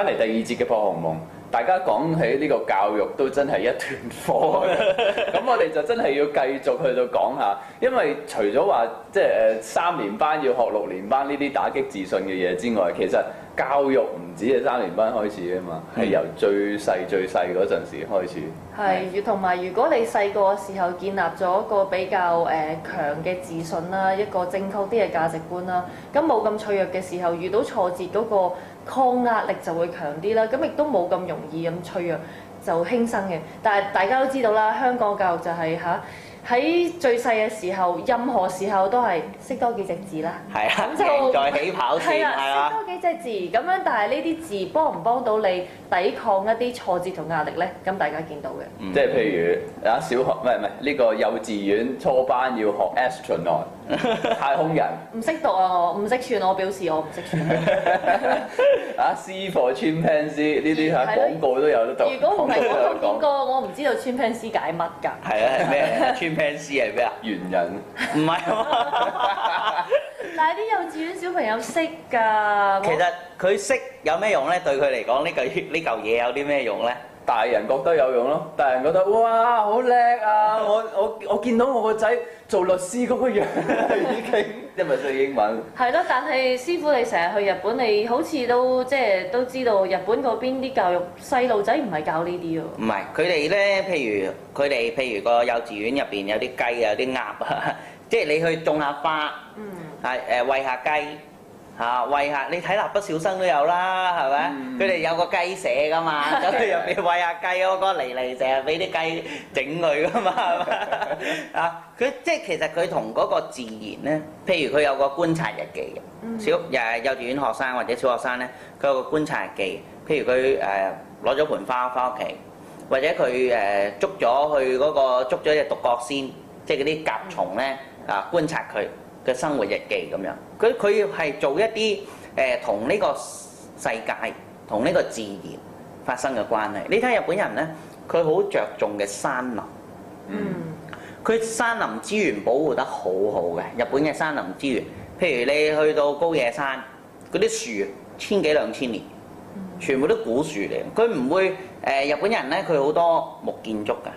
翻嚟第二節嘅破鴻蒙，大家講起呢個教育都真係一團火。咁 我哋就真係要繼續去到講下，因為除咗話即係誒三年班要學六年班呢啲打擊自信嘅嘢之外，其實教育唔止係三年班開始啊嘛，係、嗯、由最細最細嗰陣時開始。係是，同埋是如果你細個嘅時候建立咗一個比較誒強嘅自信啦，一個正確啲嘅價值觀啦，咁冇咁脆弱嘅時候遇到挫折嗰、嗰個。抗壓力就會強啲啦，咁亦都冇咁容易咁脆弱就輕生嘅。但係大家都知道啦，香港教育就係嚇喺最細嘅時候，任何時候都係識多幾隻字啦，咁、啊、就係起跑線，識、 啊、多幾隻字咁樣。啊、但係呢啲字幫唔幫到你抵抗一啲挫折同壓力咧？咁大家見到嘅，嗯、即係譬如啊，小學唔係唔係呢個幼稚園初班要學 astronaut。 太空人唔識讀啊！我唔識串，我表示我唔識串。 啊，C for chimpanzee 呢啲喺廣告都有得讀。如果唔係廣告點講？ 我唔知道 chimpanzee 解乜㗎。係啊，係咩？chimpanzee 係咩啊？猿人唔係。嗱 但係，啲 幼稚園小朋友識㗎。其實佢識有咩用咧？對佢嚟講，呢嚿呢嚿嘢有啲咩用咧？大人覺得有用咯，大人覺得哇好叻啊！我我我見到我個仔做律師嗰個樣已經，因為識英文。係咯，但係師傅你成日去日本，你好似都即係都知道日本嗰邊啲教育細路仔唔係教呢啲喎。唔係，佢哋咧，譬如佢哋譬如個幼稚園入邊有啲雞啊，有啲鴨啊，即係你去種下花，嗯，係誒餵下雞。嚇，啊，餵下你睇《蠟筆小新》都有啦，係咪？佢哋，嗯、有個雞舍噶嘛，咁佢入面餵下雞嗰個嚟莉，成日俾啲雞整佢噶嘛，係咪？啊，佢、 啊、即係其實佢同嗰個自然咧，譬如佢有個觀察日記，嗯、小又幼稚園學生或者小學生咧，佢有個觀察日記，譬如佢誒攞咗盆花翻屋企，或者佢誒，呃、捉咗去嗰個捉咗隻獨角仙，即係嗰啲甲蟲咧啊，觀察佢。嘅生活日記咁樣，佢佢係做一啲誒、呃、同呢個世界同呢個自然發生嘅關係。你睇日本人咧，佢好着重嘅山林，嗯，佢山林資源保護得好好嘅。日本嘅山林資源，譬如你去到高野山嗰啲樹，千幾兩千年，全部都古樹嚟。佢唔會誒、呃、日本人咧，佢好多木建築㗎，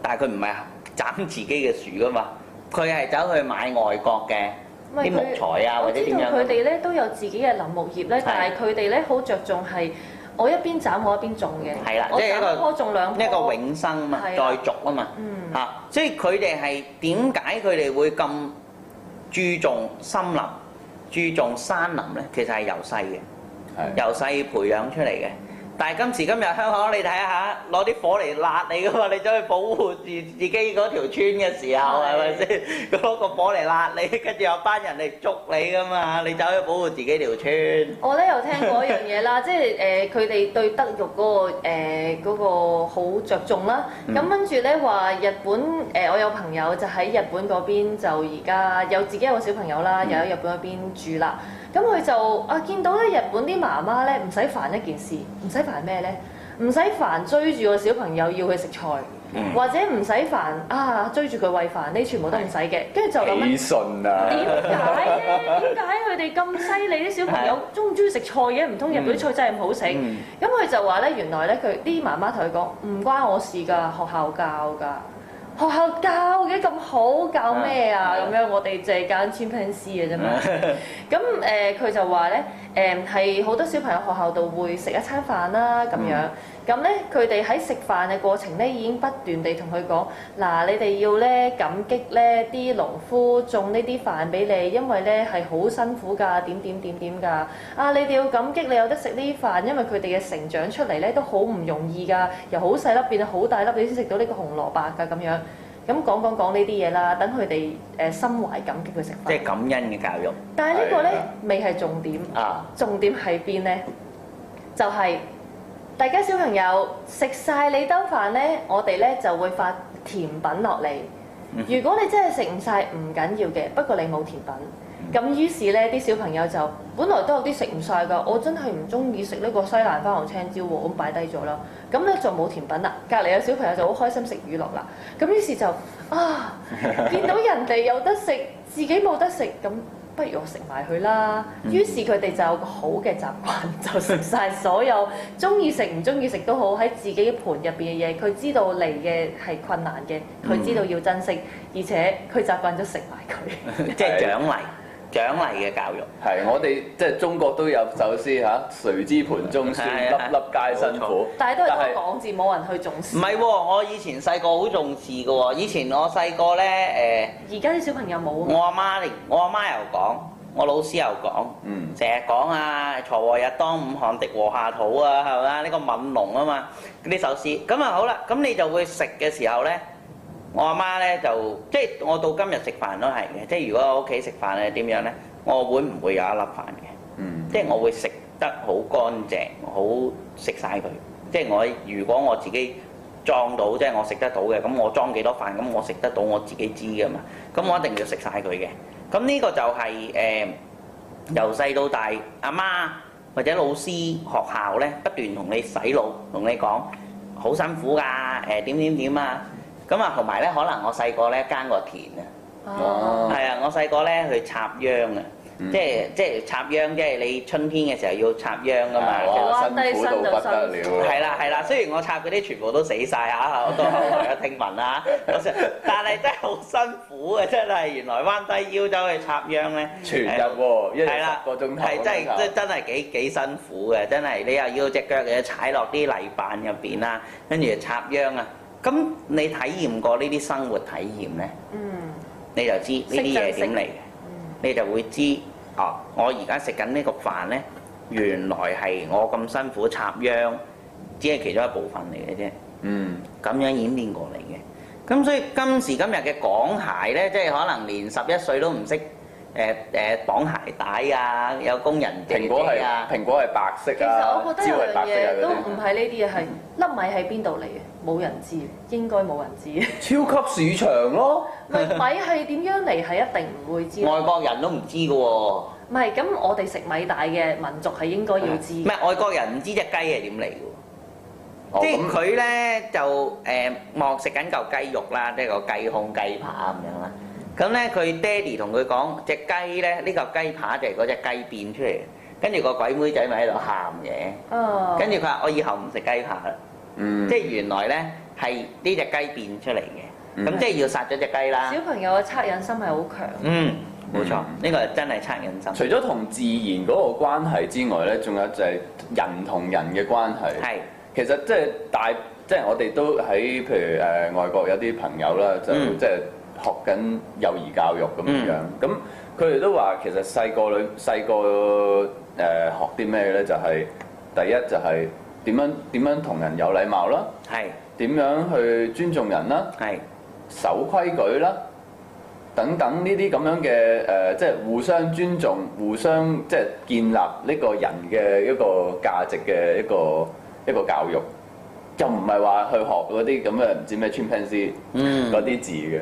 但係佢唔係砍自己嘅樹噶嘛。佢係走去買外國嘅啲木材啊，或者點樣？佢哋咧都有自己嘅林木業咧，的但係佢哋咧好着重係我一邊斬我一邊種嘅。係啦的，即係一個種一個永生啊嘛，的再續啊嘛。嗯。嚇、啊，所以佢哋係點解佢哋會咁注重森林、嗯、注重山林咧？其實係由細嘅，由細的培養出嚟嘅。但係今時今日香港，你睇下，攞啲火嚟辣你噶嘛？你走去保護住自己嗰條村嘅時候，係咪先？攞個火嚟辣你，跟住有班人嚟捉你噶嘛？你走去保護自己，自己條村。我咧有聽過一樣嘢啦， 即係誒佢哋對德育嗰、嗰個誒好着重啦。咁、嗯、跟住咧話日本誒、呃，我有朋友就喺日本嗰邊，就而家有自己一個小朋友啦，又喺、嗯、日本嗰邊住啦。咁佢就啊見到咧日本啲媽媽咧，唔使煩一件事，唔使。煩咩咧？唔使煩追住個小朋友要去食菜，或者唔使煩啊追住佢餵飯，呢全部都唔使嘅。跟住就咁樣順啊？點解咧？點解佢哋咁犀利？啲小朋友中唔中意食菜嘅？唔通日本菜真係咁好食？咁佢就話咧，原來咧佢啲媽媽同佢講唔關我事㗎，學校教㗎，學校教嘅咁好，教咩啊？咁樣我哋就係揀簽名師嘅啫嘛。咁誒，佢就話咧。誒，係好多小朋友學校度會食一餐飯啦咁樣，咁咧佢哋喺食飯嘅過程咧，已經不斷地同佢講，嗱，你哋要咧感激咧啲農夫種呢啲飯俾你，因為咧係好辛苦㗎，點點點點㗎啊！你哋要感激你有得食呢啲飯，因為佢哋嘅成長出嚟咧都好唔容易㗎，由好細粒變到好大粒，你先食到呢個紅蘿蔔㗎咁樣。咁講講講呢啲嘢啦，等佢哋誒心懷感激佢食飯。即係感恩嘅教育。但係呢個咧未係重點，啊、重點喺邊咧？就係、是、大家小朋友食晒你兜飯咧，我哋咧就會發甜品落嚟。如果你真係食唔晒唔緊要嘅，不過你冇甜品。咁於是咧，啲小朋友就本來都有啲食唔晒㗎。我真係唔中意食呢個西蘭花同青椒喎，咁擺低咗啦。咁咧就冇甜品啦。隔離有小朋友就好開心食魚落乳酪啦。咁於是就啊，見到人哋有得食，自己冇得食，咁不如我食埋佢啦。於是佢哋就有個好嘅習慣，就食晒所有中意食、唔中意食都好喺 自己盤入邊嘅嘢。佢知道嚟嘅係困難嘅，佢知道要珍惜，而且佢習慣咗食埋佢，即係 獎勵。獎勵嘅教育係，我哋即係中國都有首詩吓、啊，誰知盤中餐，是是是是粒粒皆辛苦。但係都係講字，冇人去重視。唔係喎，我以前細個好重視嘅喎，以前我細個咧誒。而家啲小朋友冇。我阿媽，我阿媽又講，我老師又講，成日講啊，鋤禾日當午，汗滴禾下土啊，係咪啊？呢個《憫農》啊嘛，呢首詩。咁啊好啦，咁你就會食嘅時候咧。我阿媽咧就即係我到今日食飯都係嘅，即係如果我屋企食飯咧點樣咧，我會唔會有一粒飯嘅？嗯，即係我會食得好乾淨，好食晒佢。即係我如果我自己裝到，即係我食得到嘅，咁我裝幾多飯，咁我食得到我自己知㗎嘛。咁我一定要食晒佢嘅。咁呢個就係誒由細到大，阿媽或者老師學校咧不斷同你洗腦，同你講好辛苦㗎，誒點點點啊！呃怎樣怎樣怎樣啊。咁啊，同埋咧，可能我細個咧耕個田啊，係啊，我細個咧去插秧啊，即係即係插秧，即係你春天嘅時候要插秧㗎嘛，辛苦到不得了。係啦係啦，雖然我插嗰啲全部都死晒，嚇，我都聽聞啦，但係真係好辛苦啊，真係原來彎低腰走去插秧咧，全日喎一個鐘頭，係真係真真係幾幾辛苦嘅，真係你又要隻腳要踩落啲泥板入邊啦，跟住插秧啊。咁你體驗過呢啲生活體驗咧，嗯、你就知呢啲嘢點嚟嘅，嗯、你就會知哦。我而家食緊呢個飯咧，原來係我咁辛苦插秧，只係其中一部分嚟嘅啫。嗯，咁樣演變過嚟嘅。咁所以今時今日嘅港孩咧，即係可能連十一歲都唔識。誒誒綁鞋帶啊！有工人嘅嘢啊！蘋果係蘋果係白色啊！其實我覺得一樣嘢都唔係呢啲嘢，係粒米喺邊度嚟嘅？冇人知，應該冇人知。超級市場咯，米係點樣嚟係一定唔會知。外國人都唔知㗎喎。唔係，咁我哋食米大嘅民族係應該要知。唔係外國人唔知隻雞係點嚟嘅，即係佢咧就誒望食緊嚿雞肉啦，即係個雞胸雞扒咁樣。咁咧，佢爹哋同佢講：隻雞咧，呢嚿雞扒就係嗰隻雞變出嚟。跟住個鬼妹仔咪喺度喊嘢。哦。跟住佢話：我以後唔食雞扒啦。嗯。即係原來咧係呢隻雞變出嚟嘅。嗯。咁即係要殺咗隻雞啦。小朋友嘅惻隱心係好強。嗯，冇錯。呢個係真係惻隱心。Mm、除咗同自然嗰個關係之外咧，仲有就係人同人嘅關係。係。其實即係大，即係我哋都喺譬如誒外國有啲朋友啦，就即係。Mm 學緊幼兒教育咁樣，咁佢哋都話其實細個裏細個誒學啲咩咧？就係、是、第一就係、是、點樣點樣同人有禮貌啦，點是樣去尊重人啦，是守規矩啦，等等呢啲咁樣嘅誒，即、呃、係、就是、互相尊重、互相即係、就是、建立呢個人嘅一個價值嘅一個一個教育，就唔係話去學嗰啲咁嘅唔知咩 chimpanzee 嗰啲字嘅。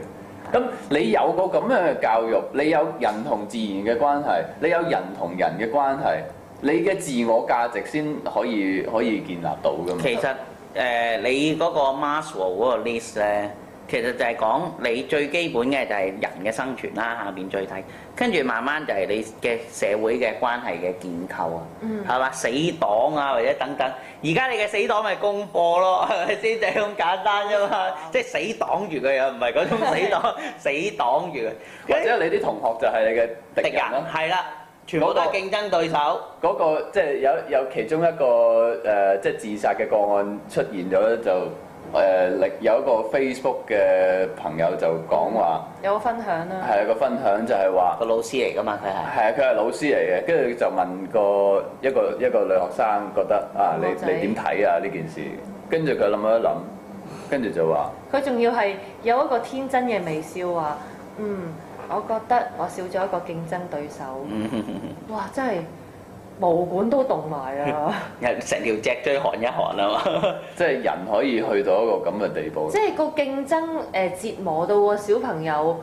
咁你有個咁樣嘅教育，你有人同自然嘅關係，你有人同人嘅關係，你嘅自我價值先可以可以建立到㗎嘛？其實誒、呃，你嗰個 Maslow 嗰個 list 咧。其實就係講你最基本嘅就係人嘅生存啦，下面最低，跟住慢慢就係你嘅社會嘅關係嘅結構啊，係嘛、嗯？死黨啊，或者等等。而家你嘅死黨咪功課咯，係咪先？就咁、係、簡單啫嘛，即係、嗯、死黨住佢又唔係嗰種死黨， 死黨住佢。或者你啲同學就係你嘅敵人。係啦，全部都係競爭對手。嗰、那個即係、那個就是、有有其中一個誒，即、呃、係、就是、自殺嘅個案出現咗就。誒，力有一個 Facebook 嘅朋友就講話有個分享啦、啊，係一、嗰個分享就係話個老師嚟㗎嘛，佢係係啊，佢係老師嚟嘅，跟住就問個一個一個女學生覺得、嗯、啊，你你點睇啊呢件事？跟住佢諗咗一諗，跟住就話佢仲要係有一個天真嘅微笑話，嗯，我覺得我少咗一個競爭對手， 哇，真係！毛管都凍埋啊，成 條脊椎寒一寒啊嘛， 即係人可以去到一個咁嘅地步。即係個競爭誒、呃、折磨到個、哦、小朋友，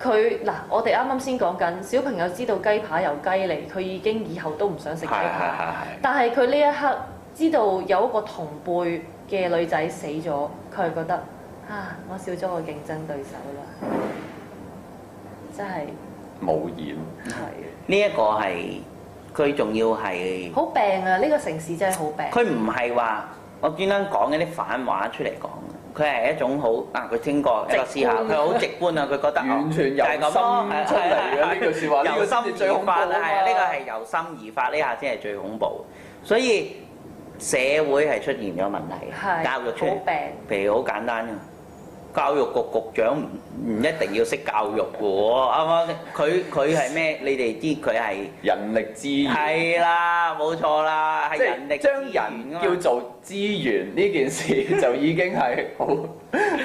佢嗱，我哋啱啱先講緊小朋友知道雞扒由雞嚟，佢已經以後都唔想食雞排。 但係佢呢一刻知道有一個同輩嘅女仔死咗，佢係覺得啊，我少咗個競爭對手啦，真係無言。係呢一個係。佢仲要係好病啊！呢個城市真係好病。佢唔係話，我專登講緊啲反話出嚟講。佢係一種好，嗱佢聽過，一個思考佢好直觀啊！佢覺得就係咁，完全由心出嚟嘅呢句説話，由心最恐怖係啊！呢個係由心而發，呢下先係最恐怖。所以社會係出現咗問題，教育出嚟病。譬如好簡單啊。教育局局長唔一定要識教育嘅喎，啊佢佢係咩？你哋知佢係人力資源。係啦，冇錯啦，係是人力資源。將人叫做資源呢 件事就已經係好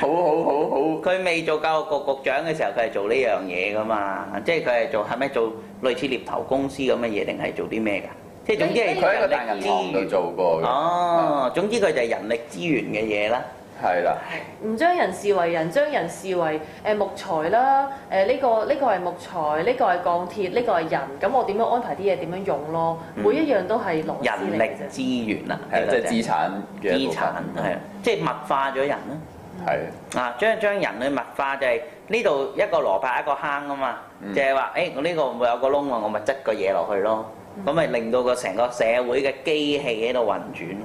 好好好好。佢未做教育局局長嘅時候，佢係做呢樣嘢㗎嘛，即係佢係做係咩？係咪做類似獵頭公司咁嘅嘢，定係做啲咩㗎？即係總之係佢喺個大廠度做過哦，總之佢就係人力資源嘅嘢啦。哦係啦，唔將人視為人，將人視為誒木材啦，誒呢個呢個係木材，呢、呃呢個係、呢個呢個、鋼鐵，呢、呢個係人，咁我點樣安排啲嘢點樣用咯？嗯、每一樣都係勞人力資源啦、啊的，即係資產資產係啊，即係物化咗人啦，係啊，啊將將人去物化就係呢度一個蘿蔔一個坑啊嘛，嗯、就係話誒我呢個會有個窿啊，我咪執個嘢落去咯，咁咪、嗯、令到個成個社會嘅機器喺度運轉。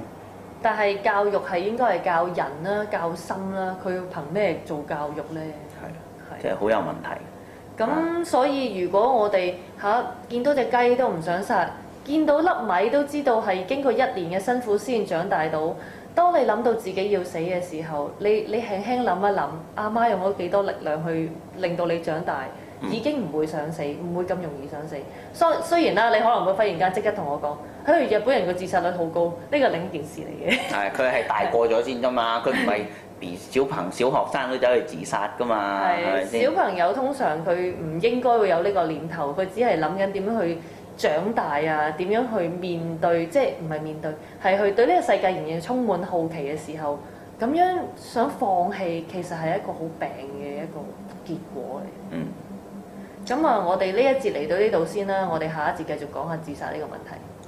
但係教育係應該係教人啦、啊、教心啦、啊，佢要憑咩做教育呢？係的，的即係好有問題。咁那、嗯、所以如果我哋嚇、啊、見到隻雞都唔想殺，見到粒米都知道係經過一年嘅辛苦先長大到。當你諗到自己要死嘅時候，你你輕輕諗一諗，阿、啊、媽用咗幾多力量去令到你長大，已經唔會想死，唔、嗯、會咁容易想死。雖雖然啦、啊，你可能會忽然間即刻同我講。誒日本人個自殺率好高，呢個另一件事嚟嘅。係佢係大個咗先啫嘛，佢唔係小朋小學生都走去自殺噶嘛。係是吧小朋友通常佢唔應該會有呢個念頭，佢只係諗緊點樣去長大啊，點樣去面對，即係唔係面對，係佢對呢個世界仍然充滿好奇嘅時候，咁樣想放棄其實係一個好病嘅一個結果嚟。嗯，咁啊，我哋呢一節嚟到呢度先啦，我哋下一節繼續講下自殺呢個問題。